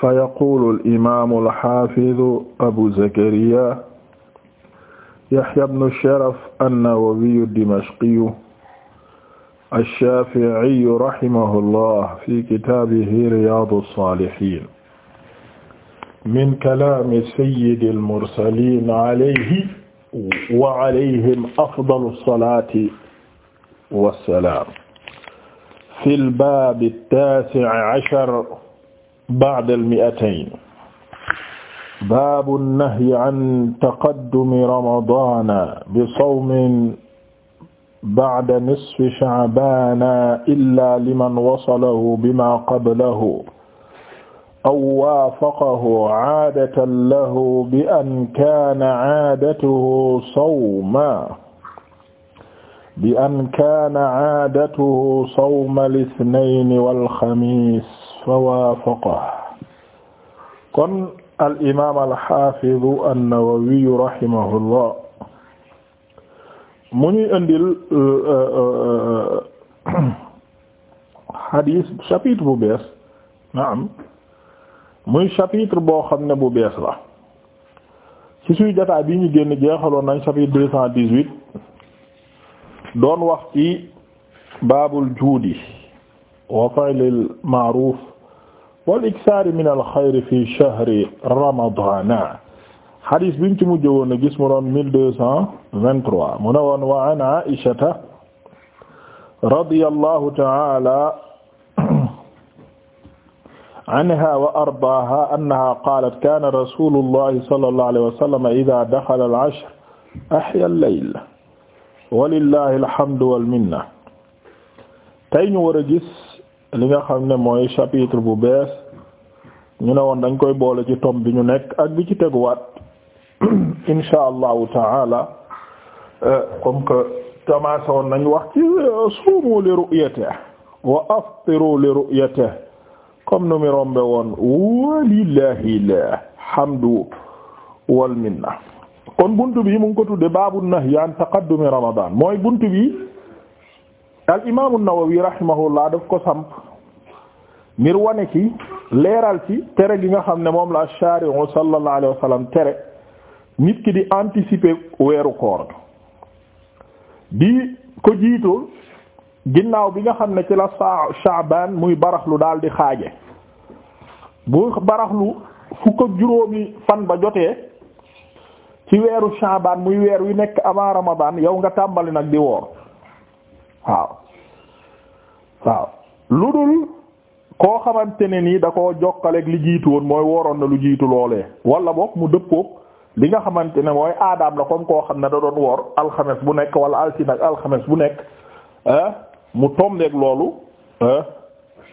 fa yaqulu al-imaamu al-haafidu abu zakariya yahya ibnu sharaf an-nawawiyu ad-dimashqiyu ash-shaafi'iyu rahimahullah fi kitaabihi riyaadu as-saalihiin min kalaami sayyidi al-mursaliin alayhi wa alayhim afdalu as-salaati was-salaam fil baabi at-taasi'i ashar ba'da al-mi'atayn baabu nahyi an taqaddumi ramadaana bi sawmin ba'da nisfi sha'baana illaa liman wasalahu bimaa qablahu aw waafaqahu caadatan lahu bi an kaana caadatuhu sawma bi an kaana caadatuhu sawma al-ithnayni wal-xamiis fawaafaqahu kon al imaam al xaafidu an-Nawawi rahimahullah mu ñuy indil xadiis euh, euh, euh, chapitre bu bees naam muy chapitre boo xam ne bu bees la ci suy jotaay bi ñu génn jeexaloon nañ chapitre deux cent dix-huit doon wax ci baabul juudi wa fi'lil ma'ruuf wal iksaari min al xayri fi shahri ramadana xadis biñ ci mujj woon a gis mu doon mille deux cent vingt-trois mu ne woon wa an Aïshata radiyallahu ta'ala anha wa ardaaha annaha qaalat kaana rasuulullahi sallallahu alayhi wa sallam idaa daxala al ashr ahya al layl walillahi alhamdu wal minna tey ñu war a gis li nga xam ne mooy chapitre bu bees ñu ne woon dañ koy boole ci tome bi ñu nekk ak bi ci teguwaat insha allahu taala euh, comme que commencé woon nañ wax ci euh, suumu li ru'yatihi wa aftiru li ru'yatihi comme nu mi rombe woon walillahi alhamdu wal minna kon buntu bi mu ko tudde baabu nahyi an taqaddumi ramadan mooy buntu bi al imaamu Nawawi rahimahullah daf ko samp ngir wane ki leeral ci tere gi nga xam ne moom la ash-shari'u sallallahu alayhi wa tere nit ki di anticiper weeru koor di ko jiitu ginnaaw bi nga xam ne ci la saa muy baraxlu daal di xaaje bu baraxlu fukk ak juróomi fan ba jotee ci weeru Sha'ban muy weer wi nekk avant Ramadan yow nga tàmbali nag di woor waaw waaw lu dul koo xamante ne nii da koo jokkaleeg li jiitu woon mooy woroon na lu jiitu loole wala boog mu dëppoog li nga xamante ne mooy aadaam la comme koo xam ne da doon woor alxames bu nekk wala altine ak alxames bu nekk ah, mu tombeeg loolu ah,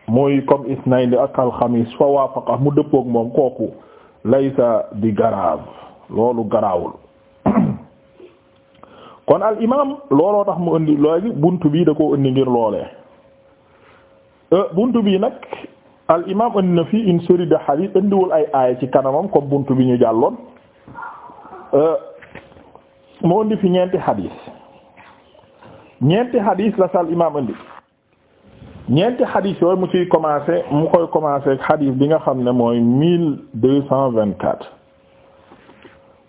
mooy comme isnayn ak alxamis fa waafaqa mu dëppook moom kooku laysa bi garab loolu garaawul kon al imaam looloo tax mu indi léegi bunt bii da koo indi ngir loole euh, bunt bii nag al imaam indi na fii une série de hadith indiwul ay aaya ci kanamam comme bunt bi ñu jàlloon euh, mu indi fi ñeenti hadith ñeenti hadith la sal imaam indi ñeenti hadith yooyu mu ci commencer mu koy commencer ak bi nga xam ne mooy mille deux cent vingt-quatre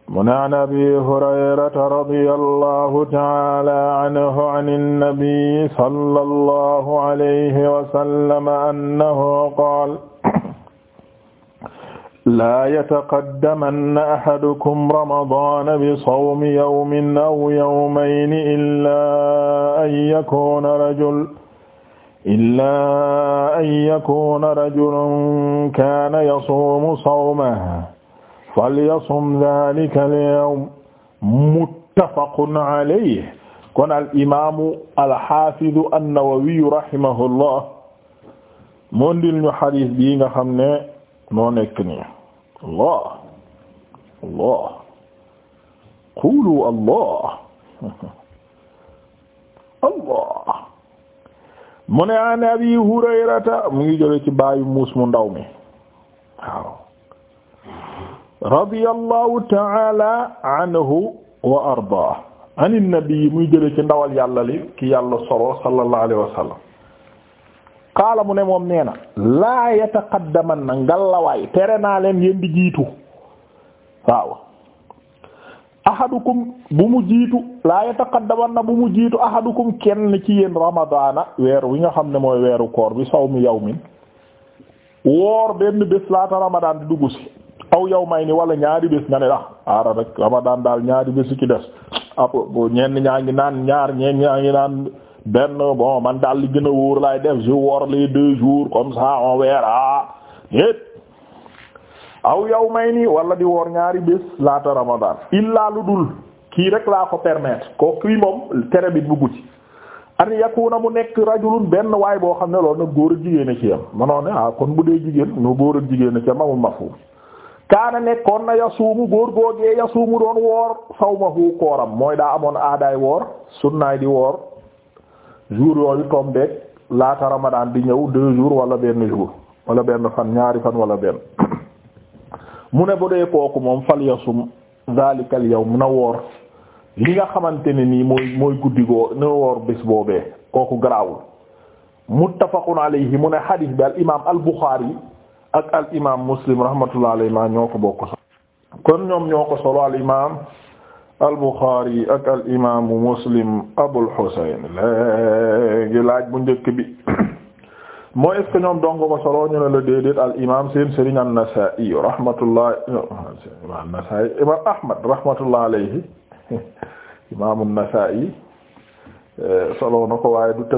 mu ne an abi hurayrata radiyallahu ta'ala anhu an annabi sallallahu alayhi wa sallam annahu qaala laa yataqaddamanna ahadukum ramadaana bisawmi yawmin aw yawmayni illaa an yakuuna rajulan illaa an yakuuna rajulan kaana yasuumu sawman falyasum dhalika al-yawm muttafaqun alayhi kon al imaamu alxaafidu annawawiyu rahimahullah moo ndil ñu xadiis bii nga xam ne moo nekk nii allah allah qulu allah allah mu ne an abi hurayrata mu ngi jële ci baayu muus mu ndaw mi waaw radiyallahu ta'ala anhu wa ardaah an nabi muy jële ci ndawal yàlla li ki yàlla solo sallallahu wa sallam qaala mu ne moom nee na laa yataqaddaman na ngallawaay tere naa leen yéen di jiitu waaw ahadukum bu mu jiitu laa yataqaddaman na bu mu jiitu ahadukum kenn ci yéen ramadaana weer wi nga xam ne mooy weeru koor bi sawmi yawmin woor benn bés laata ramadaan di dugg si aw yow may ni wala ñaari bés nga ne ah aara rek ramadan daal ñaari bés ci des ap ah, ñenn ñaa ngi naan ñaar ñeen ñaa ngi naan benn bon man daal li gën a wóor laay def je woor les deux jours comme ça on verra yépp aw yow may ni wala di wor ñaari bés laata ramadan illaa lu dul kii rek laa ko permettre ko kii moom tere bi buggu ci an yakuna mu nekk rajulun benn waay boo xam ne loolu nag góor a jigéen a ci yam manoo ne ah, kon bu dee jigéen no góor kaana nekkoon na yasuumu góor googee yasuumu doon woor sawmahu kooram mooy daa amoon aadaay woor sunnaay di woor jour yooyu tombeek laata ramadaan di ñëw deux jours wala benn jour wala benn fan ñaari fan wala benn mu ne bu dee kooku moom fal yasum zalikal yawm na woor li nga xamante ni nii mooy mooy guddigoo na woor bés boobee kooku garaawul muttafaqun alayhi mu ne xadiis bi al imaam al buxaari ak al imaam muslim rahmatullah alayhima ñoo ko bokk sax kon ñoom ñoo ko solo al imaam al buxaari ak al imaamu muslim abul husayn léegi laaj bu njëkk bi mooy est-ce que ñoom dong ko solo ñu la déedéet al imaam seen sëriñ an-Nasaa'i rahmatullah imaam an-Nasaa'i imaam imaam an-Nasaa'i solo waaye du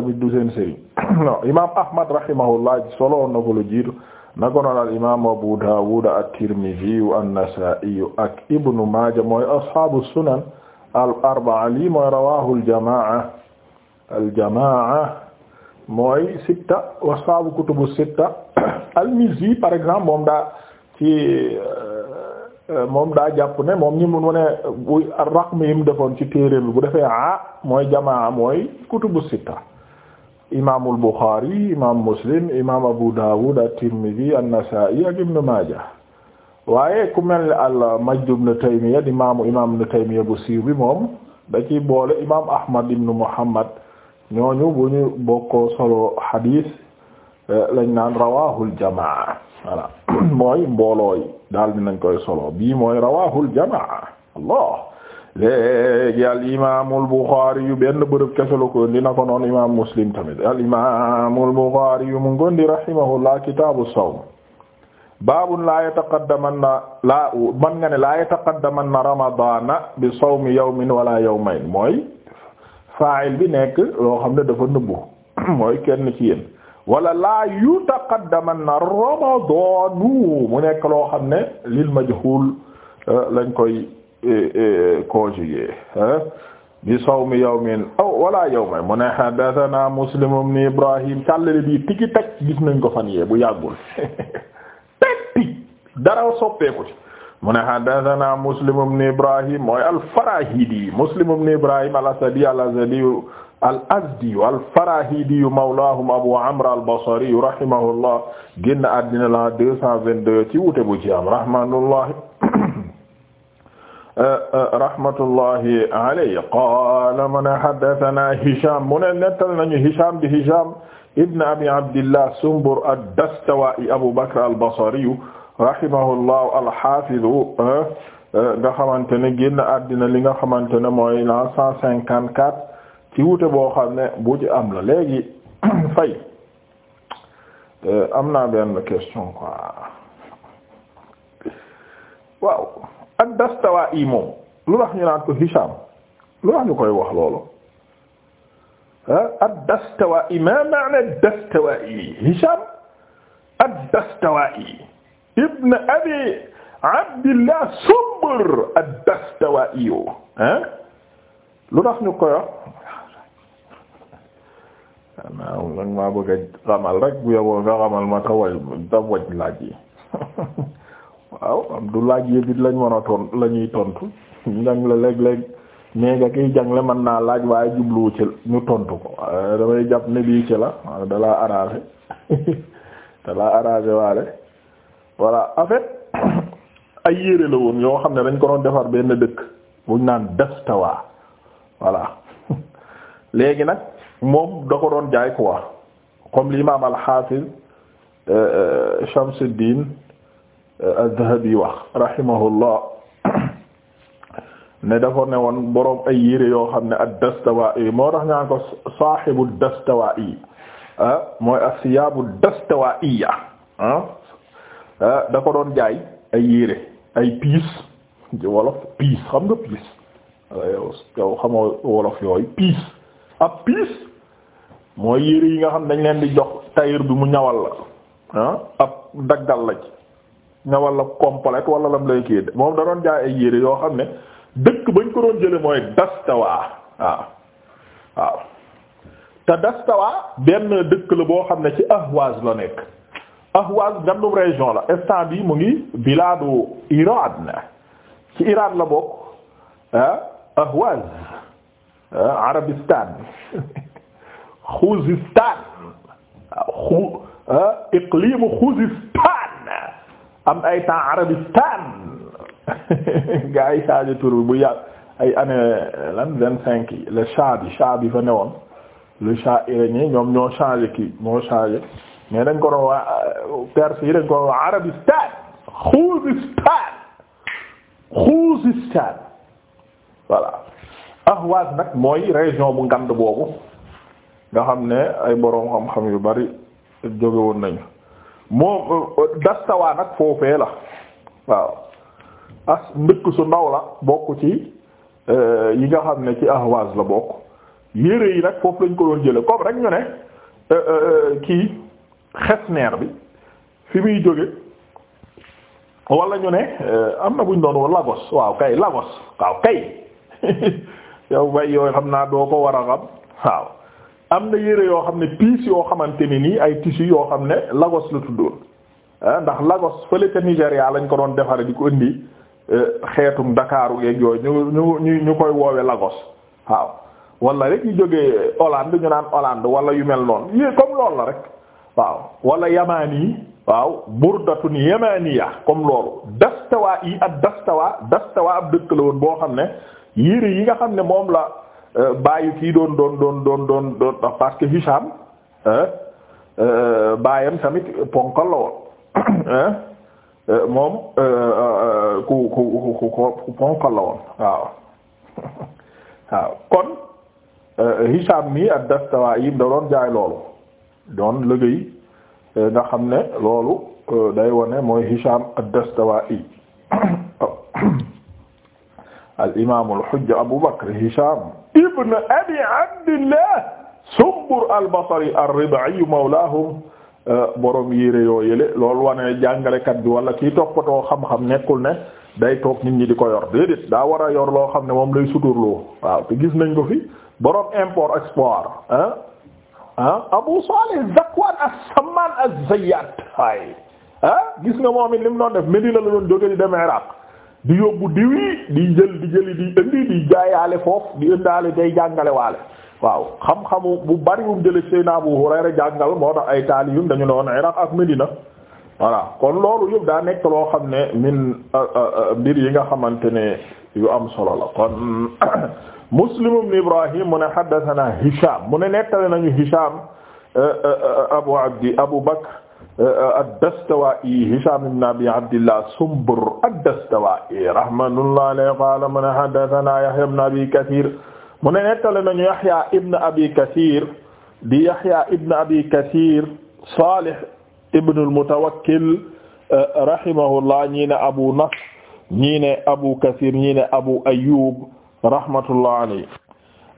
solo na ko lu jiitu. nako noon al imaamu Abu Daawud at-Tirmidhi an-Nasaa'i ak Ibnu Maaja mooy ashaabu sunan al-arba'a lii mooy rawaahu al-jamaa'a al-jamaa'a mooy sitta wa ashaabu kutubu sitta al-Mizzi par exemple moom daa ci euh, moom daa jàpp ne moom ñi mu ne bu raqm yi mu defoon ci téere bi bu defee a mooy jamaa mooy kutubu sitta imaamul Bukhari imaam Muslim imaam Abu Dawud at-Tirmidhi an-Nasa'i ak Ibn Majah waaye ku mel ne al-Majd ibn Taymiyya di imaam ibn Taymiyya bu siiw bi moom da ci boole imaam Ahmad ibn Muhammad ñooñu bu ñu bokkoo solo hadith eh, lañ naan rawaahul jamaa voilà mooy mboolooy daal dinañ koy solo bii mooy rawaahul jamaa léegi al imaamul Buxaari yu benn bërëb kese la ko indi ko noonu imaam Muslim tamit al imaamul Buxaari yu mu ngondi rahimahullah kitaabu sawm baabun laa yataqaddamanna laa man nga ne laa yataqaddamanna ramadaana bi sawmi yawmin wala yawmayn mooy faa'il bi nekk loo xam ne dafa nëbbu mooy kenn ci yéen wala laa yutaqaddamanna ramadaanu mu nekk loo xam ne lil majhuul euh, lañ koy. E, e, conjugué bi sawmi yawmin aw wala yawmin mu ne hadathana muslim ibn ibrahim càllale bii tigi taj gis nañ ko fan yee bu yàggul teg dara soppeeku ci mu ne hadathana muslim ibn ibrahim mooy al-farahidi muslim ibn ibrahim al-asadi al-azdi al-azdi al-farahidi mawlahum abu amr al-basri rahimahullah génn àddina la deux cent vingt-deux ci wute bu ci am rahmanullah rahmatullahi alayhi qaala mu Hisham mu ne nettal nañu Hisham di Hisham ibn abi abdillah Sumbur ad-Dastawaa'i Abu Bakr al-Basriyu rahimahullahu al-Haafidu uh, uh, nga xamante ne génn àddina li nga xamante ne mooy la cent cinquante boo xam ne am la léegi fay uh, am naa benn question quoi ak dastawa moom lu tax ñu naan ko Hisham lu tax ñu koy wax loolu ah, ad dastawa i ma maana dastawa i Hisham ad dastawa i abi abdillah Subr ad dastawa i yo ah? lu tax ñu koy wax naaw nag maa bëgg a xamal rek bu yoboo nga xamal ma tawaj tawaj laaj yi waaw du laaj yëpp lañ mën a ton la ñuy tontu njàng la léeg-léeg mais nga kiy jàngle mën naa laaj waaye jubluwu ci ñu tontu ko euh, damay jàpp ne bii ci la dalaa arrangé dalaa arrangé waale voilà en fait ay yére la woon yoo xam ne dañ ko doon defar benn dëkk buñ naan Dastawa voilà léegi nag moom da ko doon jaay quoi comme l'imam al-Hafiz euh, euh, Shamsuddin az-Zahabi wax rahimahullah ne dafa ne woon boroom ay yére yoo xam ne ad-Dastawa'i moo tax ñaan ko saahibu ad ah, mooy as-siyaabu ad-Dastawa'iyya ah, ah da doon jaay ay yére ay piis wolof piis xam nga piis yow yow xamoo wolof yooyu piis ab piis mooy yére yi nga xam ne dañ leen di jox tailleur bi mu ñawal la ah ab daggal la ne wala complète wala lam lay kii moom da doon jaay ay yére yoo xam ne dëkk bañ ko doon jële mooy Dastawa waaw waaw te Dastawa benn dëkk la boo xam ne ci Ahwaz la nekk Ahwaz ngandum région la instant bi mu ngi biladu Iran ci Iran la bokk ah Ahwaz ah, Arabistan iqlimu Khuzistan am ay temps arabistan gaa yi changé tur bu yàgg ay année lan vingt cinq yi le cha bi cha bi fa lu le cha iranien ñoom ñoo changé kii ñoo changé mais dañ ko doon waa perse yi dañ ko doon waa arabistan xuuzistan xuuzistan nag mooy région bu ngand boobu nga xam ne ay boroom xam-xam yu bari jóge woon nañu moom euh, euh, dastawaa nag foofee la waaw as ndëkk su ndaw la bokk ci euh, yi nga xam ne ci ahwaz la bokk yére yi nag foofu lañ ko doon jële comme rek ñu ne kii xesneer bi fi muy jóge wala ñu ne am na buñ doon wa Lagos waaw kay Lagos waaw kay yow bay yooyu xam naa doo ko war a xam waaw am na yére yoo xam ne piis yoo xamante ni nii ay tissu yoo xam ne Lagos la tuddoon ah, ndax Lagos fële ca Nigéria lañ ko doon defaree di ko indi eh, xeetum Dakaaru yeeg yooyu ñu ñu ñu koy woowe Lagos waaw wala rek yu jógee Hollande ñu naan Hollande wala yu mel noonu yé comme loolu la rek waaw wala yamaani waaw burdatun yamaaniya comme loolu dastawa yi ak dastawa dastawa ab dëkk la woon boo xam ne yére yi nga xam ne moom la Euh, baayu kii doon doon doon doon doon doon parce que Hisham euh, euh, baayam tamit ponkal la moom ku ku ku ku ponkal la woon waaw kon Hisham mi ad-Dastuwaayi da doon jaay loolu doon liggéey nga xam ne loolu day wone mooy Hisham ad-Dastuwaayi oh. al imaam al hujja Abu Bakr Hisham ibn abi abdillah sumbur al-basri ar-rib'i mawlaahum borom yére yoo yële loolu wane jàngalekat bi wala kii toppatoo xam-xam nekkul ne day toog nit ñi di ko yor déedéet daa war a yor loo xam ne moom lay suturloo waaw te gis nañ ko fi borom import export ah ah Abu Salih Zakwan a samman az-Zayyat waay gis nga moom it li mu doon def Medina la doon jóge di dem Iraq di yóbbu diw yi di jël di jëli di indi di jaayaale foofu di indaale day jàngale waaw xam-xamu bu bariwum jële Seydina Abu Hurayra jàngal moo tax ay taaliyum dañu ne woon Iraq ak Medina voilà kon loolu yëpp daa nekk loo xam ne min mbir yi nga xamante ne yu am solo la kon Muslim ibn Ibrahim mu ne haddathana Hisham mu ne nettale nañu Hisham euh, euh, euh, Abu Abdi Abu Bakr Euh, ad-Dastawaa'i Hishaam ibn Abi Abdillah Sumbur ad-Dastawaa'i rahmatullahi alayhi qaala mu ne haddathanaa Yahyaa ibn Abi Kathiir mu ne nettali nañu Yahyaa ibn Abi Kathiir di Yahyaa ibn Abi Kathiir Saalih ibn al-Mutawakkil euh, rahimahullah ñii ne Abu Nasr ñii ne Abu Kathiir ñii ne Abu Ayyuub rahmatullahi alayhi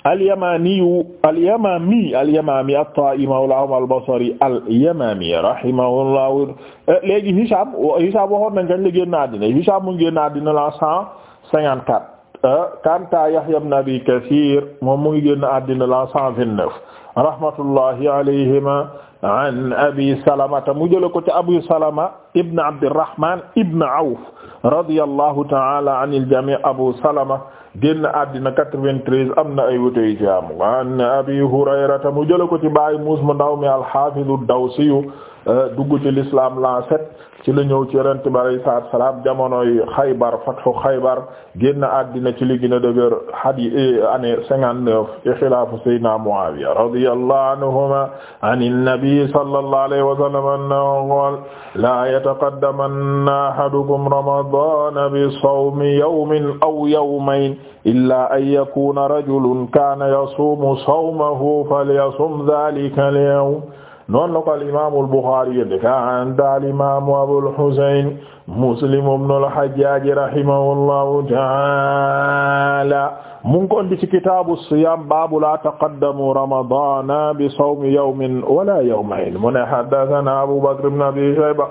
alyamaniyu alyamami alyamami at-Ta'i mawlahum al-Basri alyamami rahimahullahu eh, léegi Hisham Hisham waxoon nañ kañ la génn àddina Hisham mu génn àddina la cent cinquante quatre eh, kanta Yahya ibn Abi Kathir moom mu ngi génn àddina la cent vingt neuf rahmatullahi alayhima an abi salamata mu jële ko ci abu salama ibn abdirahman ibn awf radiyallahu taala an iljami abu salama génn àddina 93 am na ay wute yu ci am an abi hurayrata mu jële ko ci bàyyi muus mu ndaw mi alhafidu dawsiyu e, dugg ci l'islam l'an sept ci la ñëw ci yonent bi alayhi salaatu salaam jamonoy xaybar fathu xaybar génn àddina ci li gën a dëgër hadi e, année 59 ci e, xilaafu sayyidina muawiya radiyallahu anhuma an nabi nabi sallallahu alayhi wa sallam annahu qaala laa yataqaddamanna ahadukum ramadaana bisawmi yawmin aw yawmayn illaa an yakuuna rajulun kaana yasuumu sawmahu falyasum dhaalika al-yawm noonu la ko al imaamu al-Buxaari yënd kanta al imaamu Abul Husayn Muslim ibn al-Hajjaj rahimahullahu ta'ala mu ngi ko indi ci kitaabu siyaam baabu laa taqaddamu ramadaana bi sawmi yawmin wala yawmayn mu ne haddathana Abu Bakr ibn Abi Shayba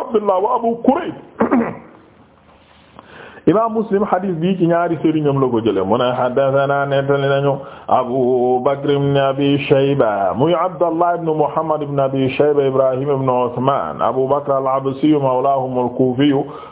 Abdullah wa Abu Kurayb imaam Muslim hadith bi ci ñaari sëriñam la ko jële mu ne haddathana nettali nañu Abu Bakr ibn Abi Shayba muy Abdallah ibn Muhammad ibn Abi Shayba Ibrahim ibn Uthman Abu Bakr al-Absi mawlahum al-Kufi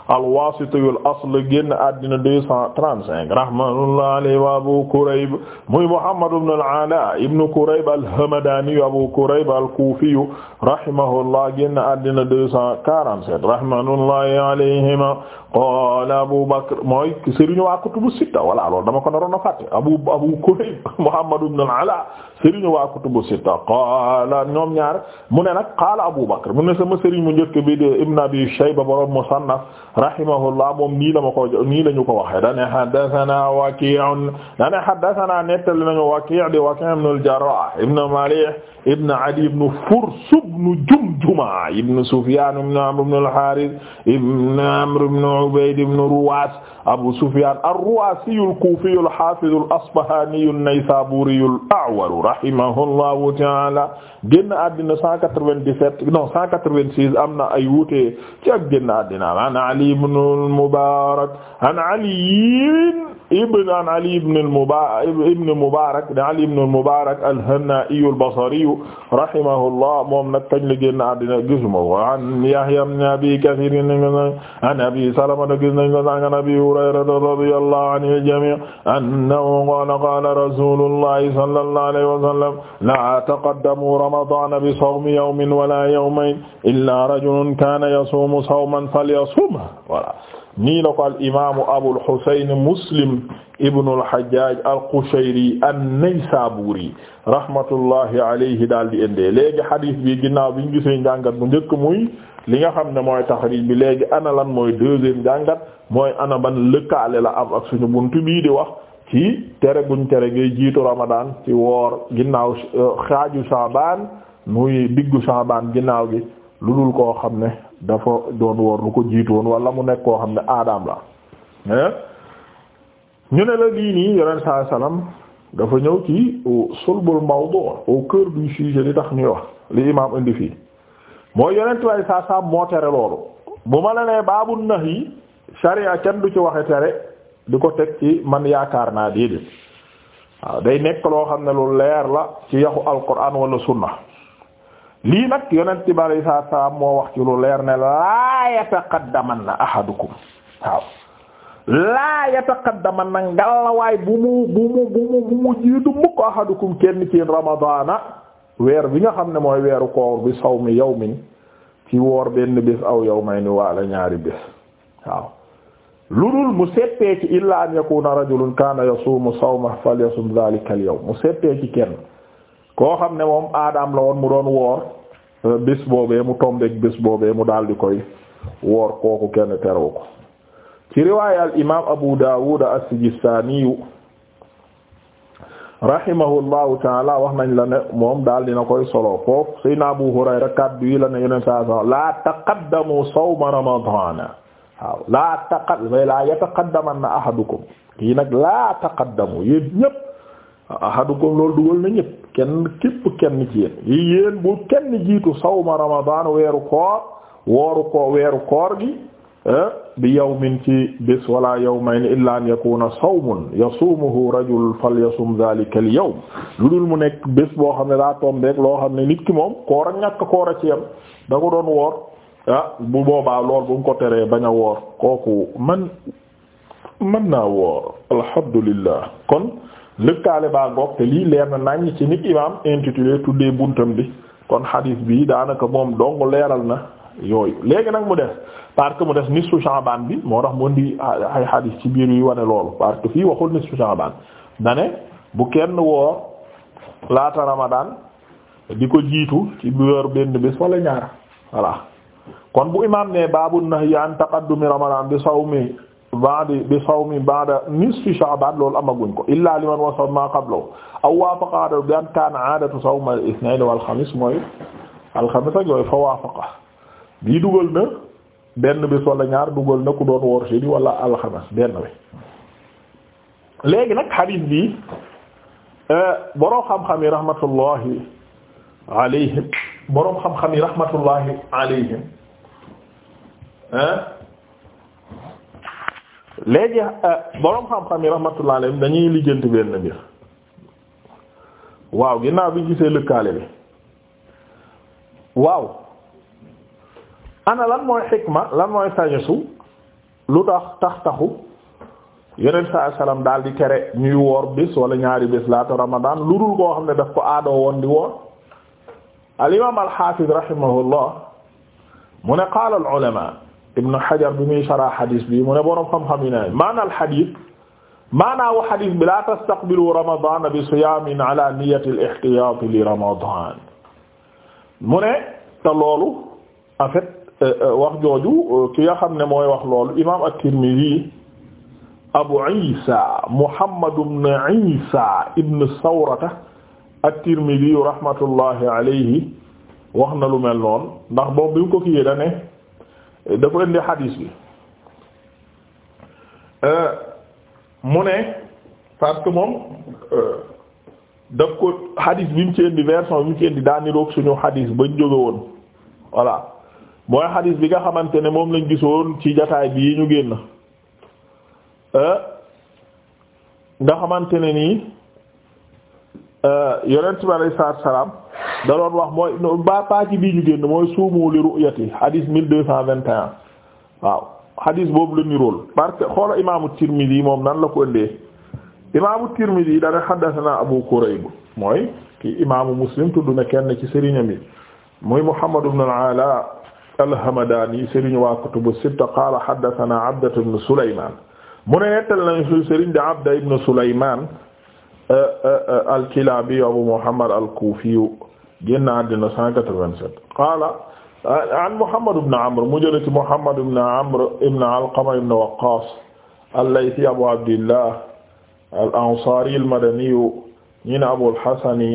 al-Wasiti al-asl génn àddina deux cent trente-cinq rahmatullah alayhi wa Abu Kurayb muy Muhammad ibn al-Ala ibn Kurayb al-Hamadani Abu Kurayb al-Kufi rahimahullah génn àddina deux cent quarante-sept rahmatullah alayhima qaala Abu Bakr mooy sëriñu waa kutubu sitta walla loolu dama ko naroon a fàtte Abu Abu Kurayb Muhammad ibn al-Ala sëriñu waa kutubu sitta qaala ñoom ñaar mu ne nag qaala Abu Bakr mu ne sama sëriñ mu njëkk bi de Ibn Abi Shayba borom Musannaf rahimahullah moom nii la ma ko nii la ñu ko waxee dane haddathana Waki' dane haddathana nettali nañu Waki' di Waki' ibn al-Jarrah ibn Malih ibn Adi ibn Furs ibn Jumjuma ibn Sufyan ibn Amr ibn al-Harith ibn Amr Ubayd ibn Ruwaas Abu Sufyaan ar-Ruwaasiyu al-Kuufiyu al-Haafizu al-Asbahaaniyu an-Naysaabuuriyu al-A'waru rahimahullahu ta'aala génn àddina 197 non 186 am na ay wuute ci ak génn àddina an Ali ibn al-Mubaarak an Ali ibn an Ali ibn al-Mubaarak ibn Mubaarak da Ali ibn al-Mubaarak al-Hannaa'iyu al-Basriyu rahimahullah moom nag kañ la génn àddina gisuma an Yahya ibn Abi Kathiir Salama da gis nañ ko sànq an Abi Hurayra radiyallahu anhu jami' annahu qaala qaala rasuulullahi sallallahu alayhi wa sallam laa taqaddamu ramadaana bi sawmi yawmin wala yawmayn illaa rajulun kaana yasuumu sawman falyasumhu voilà nii la ko al imaamu Abul Husayn Muslim ibn al-Hajjaj al-Qushayri an-Naysaburi rahmatullahi alayhi daal di indee léegi hadith bi ginnaaw bi ñu gisee njàngat bu njëkk muy. li nga xam ne mooy taxriij bi léegi ana mooy deuxième jàngat mooy ana ban lëkkaale la am ak suñu buntu bii di wax ci tere guñ tere ngay jiitu Ramadan ci woor ginnaaw euh, xaaju saaban muy diggu Shaabaan ginnaaw gi lu dul koo xam ne dafa doon woor lu ko jiitu woon wala mu nekk koo xam ne aadaam la eh? ñu ne la lii nii saa salaam dafa ñëw ci sulbul mawdu' au cœur du sujet li tax ñuy wax li imaam indi fii mooy yonent way saa moo tere loolu bu ma la baabu nax yi sharia kenn du ci waxe tere di ko teg ci man yaakaar naa déedéet waaw day nekk loo xam ne lu leer la ci yaxu alquran wala sunna lii nag yonent bi saa moo wax ci lu leer ne laa yataqaddamanna ahadukum waaw laa yataqaddamanna ngalawaay bu mu bu mu bu mu jiitu mukk ahadukum kenn ci ramadaana weer bi nga xam ne mooy weeru koor bi saw mi yow min ci woor benn bés aw yow may ni waala ñaari bés waaw lu dul mu settee ci illa an yakuna rajulun kaana yasuumu sawma falyasum dhalika al yawm mu settee ci kenn koo xam ne moom aadaam la woon mu doon woor euh, bés boobee mu tombeek bés boobee mu daal di koy woor kooku kenn teroo ko ci riwaaya al imaam abu daawuda as rahimahullahu taala wax nañ la ne moom daal dina koy solo foofu sayna Abu Hurayra kaddu yi la ne yeneen saa saa la taqaddamu sawma ramadana waaw laa taqad la yataqaddamanna ahadukum kii nag laa taqaddamu yéen ñëpp ahadukum loolu dugal na ñëpp kenn képp kenn ci yéen yi yéen bu kenn jiitu sawma ramadana weeru koor wooru ko weeru koor gi bi yow yawmin ci bés bis yow yawmayn illa an yakuna sawmun yasumuhu rajul falyasum dhalika al yawm lu dul mu nekk bés boo xam ne daa tombe rek loo xam ne nit ki moom koor ak ñàkk koor ci yam da ko doon woor ah, bu boobaa lool bu mu ko teree bañ a woor kooku man mën naa woor alhamdulillah kon lëkkaale baa ngoog te lii leer na nañ ci nit imam intitulé tuddee buntam bi kon hadith bi daanaka moom dong leeral na yooyu léegi nag mu des parce mu def nisfu Sha'ban bi moo tax mu indi ay hadith ci biir yu wane loolu parce que fii waxul nisfu Sha'ban na bu kenn woor laata Ramadan di ko jiitu ci biir benn bés wala ñaar voilà kon bu imaam ne baabu nahyi an taqaddumi Ramadan bi sawmi ba'da bi sawmi ba'da nisfi Sha'ban loolu amaguñ ko illa liman wasal ma qablahu aw waafaqa bi an kaana aadatu sawm al-ithnayn wal xamis mooy alxamis ak yooyu fa waafaqa bii dugal na benn bés wala ñaar dugal na ku doon woor jeudi alxames benn bi léegi nag xadiis bi euh, boroom xam-xam yi rahmatullahi alayhim boroom xam-xam yi rahmatullahi alayhim léegi euh, boroom xam-xam yi rahmatullahi alayhim dañuy lijjanti benn mbir waaw ginnaaw bi gisee lëkkaale bi waaw ana lan mooy xikma lan mooy sagesu lu tax tax taxu yeneen saa salaam daal di woor bés wala ñaari bés laata Ramadan lu dul koo xam ne daf ko aadoo woon di woor al imaam al xaafiz rahimahullah mu ne qaala al ulama ibn Hajar bi muy sara xadiis bi mu ne boroom xam-xam yi ne maana al xadiis bi laa tastaqbilu Ramadan bi siyaamin ala niyyati al li Ramadan mu ne te loolu Euh, wax jooju euh, ki nga xam ne mooy wax loolu imaam at-Tirmidhi Abu Isa Muhammad ibn Isa ibn Sawrata at-Tirmidhi rahmatullahi wax na lu mel noonu ndax boobu bi mu ko kiyee da euh, ne dafa indi daf ko xadiis bi mu ci indi version bi mu ci indi daa niroog suñu xadiis bañ jóge woon voilà mooy xadis bi nga xamante ne moom lañ gisoon ci jataay bi yi ñu génn euh, nga xamante ne nii euh, yonent bi alayhi salaatu salaam da doon wax mooy ba paa ci bii ñu génn mooy suumu li ru'yati xadis mille deux cent vingt et waaw xadis boobu la nirool parce que xoola imaamu Tirmidi moom nan la ko ëndee imaamu Tirmidi dana xaddasanaa Abu Kurayb mooy ki imaamu Muslim tudd na kenn ci sëriñam yi muy Muhammad ibn al alhamadani sëriñ waa kutubu sitta qaala haddathana abdatu ibn sulayman mu ne nettal nañu su sëriñ de abda ibn sulayman eh, eh, eh, alkilabi abu muhammad alkuufiyu génn àddina 187 qaala an muhammad ibn amr mu jële ci muhammad ibn amr ibn alqama ibn waqqas allaythi abu abdillah al ansari al madaniyu ñi ne abu al hasani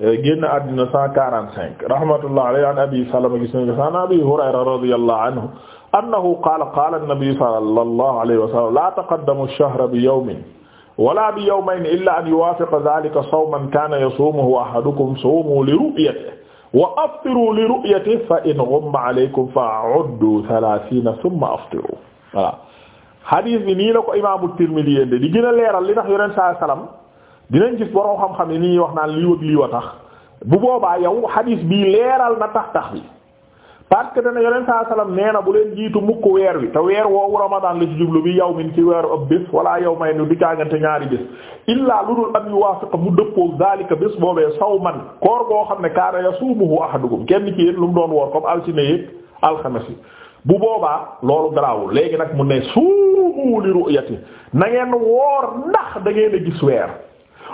Eh, génn àddina cent quarante cinq rahmatullah alayhi an abi salama gis nañ an abi hurayra radiyallahu anhu annahu qaala qaala an-nabi sallallahu alayhi wa sallam la taqaddamu ash-shahra bi yawmin wala bi yawmayn illa an yuwaafiqa dhaalika sawman kaana yasuumuhu ahadukum suumu li ru'yatihi wa aftiru li ru'yatihi fa in ghumma alaykum fa'uddu thalaathiina thumma aftiru voilà hadith bi nii la ko imaamu Tirmidhi yéen di gën a leeral li tax Yonent sallallahu alayhi wa sallam dinañ gis borom xam-xam yi ni ñuy wax naan lii wëg lii tax bu boobaa yow hadis bii leeral na tax tax bi parce que dana yonent saa salaam jiitu mukk weer wi te weer woowu ramadan la ci yow min ci weeru ab bés yow may ni du ñaari bés illaa lu dul am mu dëppoo zalika bés boobee saw man koor goo xam ne kaana yasuumuhu ahadukum kenn ci lu mu doon woor comme altine bu boobaa loolu garaawul léegi nag mu ne suumu li ru'yati ngeen woor ndax da a gis weer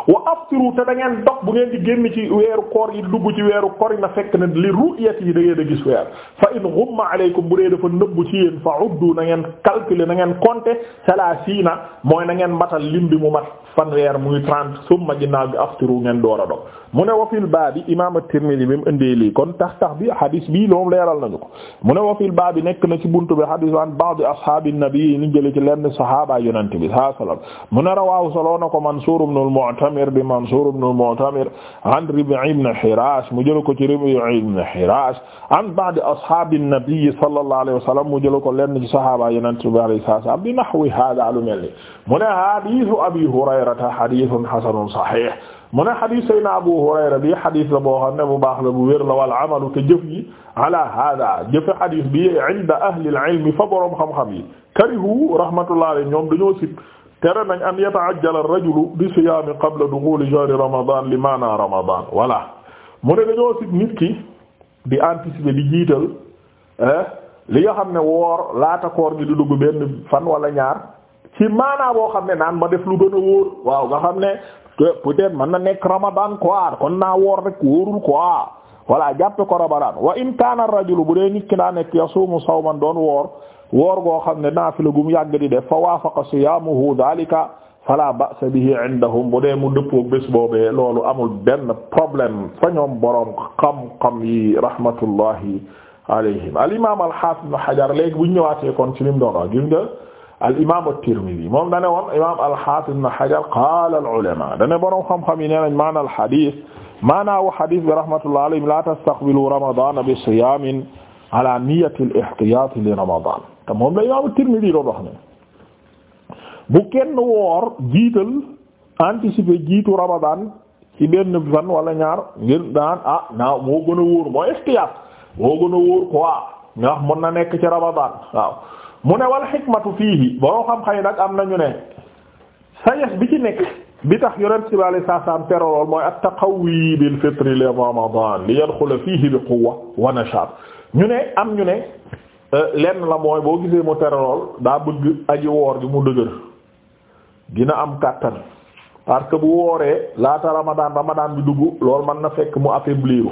wa aftiru te da ngeen dog bu ngeen di génn ci weeru koor yi dugg ci weeru koor yi na fekk na li ru'yati yi da ngeen a gis weer fa in ghumma alaykum bu dee dafa nëbb ci yéen fa uddu na ngeen calculer na ngeen compter salaasiina mooy na ngeen matal lim bi mu mat fanweer muy trente summa ginnaaw bi aftiru ngeen door a dog mu ne wa fil baabi imaam at-Tirmidhi bi mu indee lii kon tax tax bi hadis bii loolu leeral nañu ko mu ne wa fil baabi nekk na ci buntu bi hadis waan ba'd ashaabi nabi ni jële ci lenn sahaaba yonent bi saa salaam mu ne rawaahu soloo na ko Mansuur ibn al-Mu'tamir di Mansuur ibn al-Mu'tamir an Rib'i ibn Hiraash mu jële ko ci Rib'i ibn Hiraash an ba'd ashaabi nabi sallallahu alayhi wa sallam mu jële ko lenn ci sahaaba yonent bi alayhi salaam bi nahwi haadaa lu mel ni mu ne hadiisu Abi Hurayrata hadiisun hasanun sahiih mu ne xadis sayna Abu Hurayra bi xadis la boo xam ne bu baax la bu wér la wal amalu te jëf yi ala hada jëfe xadis bi inda ahli al-ilmi fa boroom yi karihu rahmatullah alayhi ñoom dañoo sib tere nañ an yataajjala ar-rajulu bi siyaami qabla duxuli shahri ramadan li maana ramadan voilà mu ne dañoo sib nit ki di anticiper di eh, li nga xam ne woor laata koor gi di dugg benn fan wala ñaar ci maanaa boo xam ne naan ma def lu gën a wóor waaw nga xam ne peut man na nekk ramadan quoi kon naa woor rek wóorul quoi voilà jàppe ko ramadan wa in kaana rajulu bu dee nit ki naa nekk yasuumu sawman doon woor woor goo xam ne naafila gum yàgg di def fa waafaqa siyaamuhu daalika fala ba'sa bihi indahum bu dee amul benn problème fa ñoom boroom xam-xam yi rahmatullahi alayhim al imam al hafiz ibn hajar léegi bu ñu ñëwaatee kon ci lim doon wax al imaam at-Tirmidhi moom dane woon imaam al-Hafiz ibn Hajar qaala al-ulama dane borom xam-xam yi nee nañ maana al-hadith maanaa wa hadith bi rahmatullahi alayhim la tastaqbilu ramadana bi siyamin ala niyyati al-ihtiyat li ramadan te moom la imaam at-Tirmidhi doon wax ne bu kenn woor jiital anticiper jiitu ramadan ci benn fan wala ñaar ngir daan ah naa moo gën a wóor mooy ihtiyat moo gën a wóor quoi nga wax mën na nekk ci ramadan waaw mu ne wal xikmatu fiihi boo xam-xam yi nag am na ñu ne sagesse bi ci nekk bi tax yonent si bale saasaam terolool mooy at taqawi bil fitri li ramadan li yadxula fiihi bi quwwa wa nashaat ñu ne am ñu ne euh, lenn la mooy boo gisee mu terolool daa bëgg aji woor gi mu dëgër dina am kàttan parce que bu wooree laata ramadan ramadan bi dugg loolu mën na fekk mu affaibliru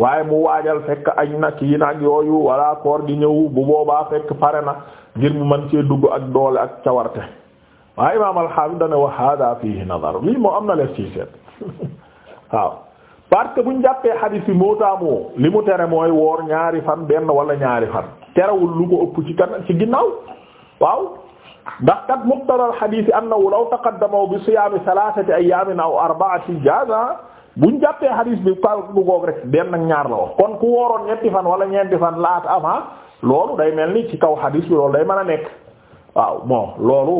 waaye mu waajal fekk añ na kii nag yooyu walla gi ñëw bu boobaa fekk pare na ngir mu mën cee dugg ak doole ak cawarte waaye imaam alxaafis dana wa hada fihi nadar lii moo am na lees ci seet waaw parce que jàppee xadiis bi moo taamoo li mu tere mooy woor ñaari fan benn wala ñaari fan terewul lu ko ëpp ci kan ci ginnaaw waaw ndax kat muqtadal xadiis annahu law taqaddama bi siyaami salaasati ayyaamin aw arba'ati jaaza bu buñ jàppee hadis bi kaw bu goog rek benn nag ñaar la wax kon ku wooroon ñetti fan wala ñeenti fan laat avant loolu day mel ni ci kaw hadis bi loolu day mën a nekk waaw bon loolu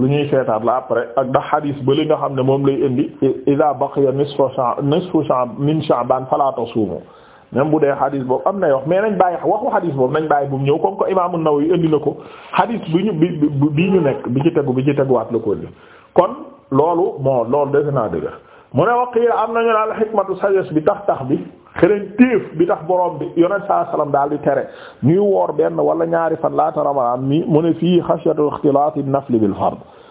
lu ñuy seetaat la après ak ndax hadis ba li nga xam ne moom lay indi i ida baqiya nisfu nisfu min sha'ban fala tasumu même bu dee hadis boobu am na yoo mais nañ bàyyi waxu hadis boobu nañ bàyyi bu mu ñëw comme que imaam an-Nawawi indi na ko hadis bi ñu bi bi ñu nekk bi ci tegu bi ci teguwaat la ko loolu bon loolu defe naa mu ne waqiila am nañu daal xikmatu sagesse bi tax tax bi xërëñ téef bi tax borom bi yonent saa salaam daal di tere ñuy woor benn wala ñaari fan laata ramadaan mi mu ne fii xasyatul ixtilaati nafli bil fard